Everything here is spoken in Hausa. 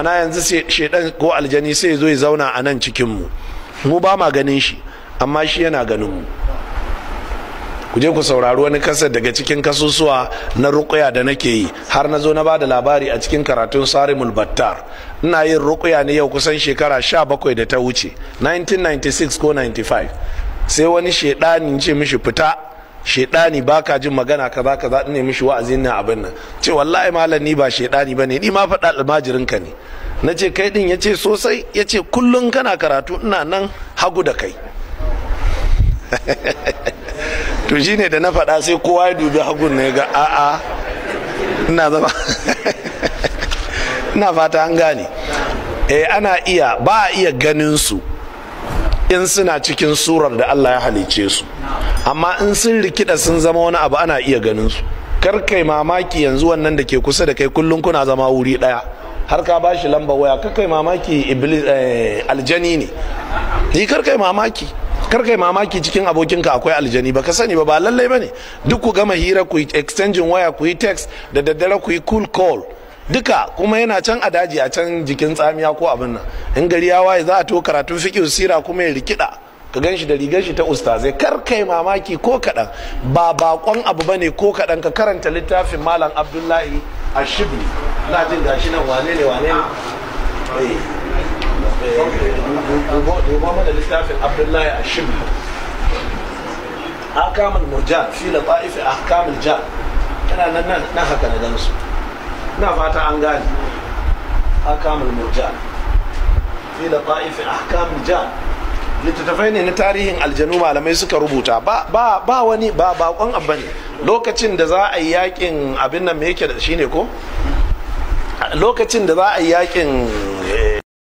ana yanzu shedan ko aljani sai zo ya zauna a nan cikin mu mu ba ma ganin shi amma shi yana ganin mu ku je ku saurari wani kasar daga cikin kasusuwa na rukuya da nake yi har na zo na ba da labari a cikin karatun sarimul battar ina yin rukuya ne yau kusan shekara sha bakwai da ta wuce 1996 ko 95 sai wani shedani ce mishi fita ba ka jin magana kaza kaza ne mishi wa'azin nan abin nan ce wallahi malam ni ba ba bane ni ma faɗa almajirin ka ne na ce kai din ya ce sosai ya ce kullum kana karatu ina nan hagu da kai to shine da na faɗa sai kowa ya dubi hagun ne ga a'a ina zama ina fata an gane eh ana iya ba a iya ganin su in suna cikin surar da Allah ya halice su amma in sun rikida sun zama wani abu ana iya ganin su kar kai mamaki yanzu wannan da ke kusa da kai kullum kuna zama wuri daya har ka ba shi lamba waya kar kai mamaki iblis eh, aljani ne ni kar kai mamaki kar kai mamaki cikin abokinka akwai aljani ba ka sani ba ba lallai bane duk ku gama hira ku yi exchanging waya ku yi text da daddare ku yi cool call duka kuma yana can a daji a can jikin tsamiya ko abin nan in gari ya waye za a to karatun fiqh sira kuma ya rikida ka gan shi da rigar shi ta ustazai kar kai mamaki ko kaɗan ba bakon abu ba ne ko kaɗan ka karanta littafin malam abdullahi a shibli na jin gashi nan wane ne wane ne eh. eh, dubo mana littafin abdullahi a shibli akamul murjan fi lata'ifi ahkamul ja. yana nan nan haka na gansu na fata an gane akamul murjan fi da ta'if ahkamul jan littattafai ne na tarihin aljanu malamai suka rubuta ba ba ba wani ba bakon abu ne lokacin da za a yi yakin abin nan me yake da shine ko lokacin da za a yi yakin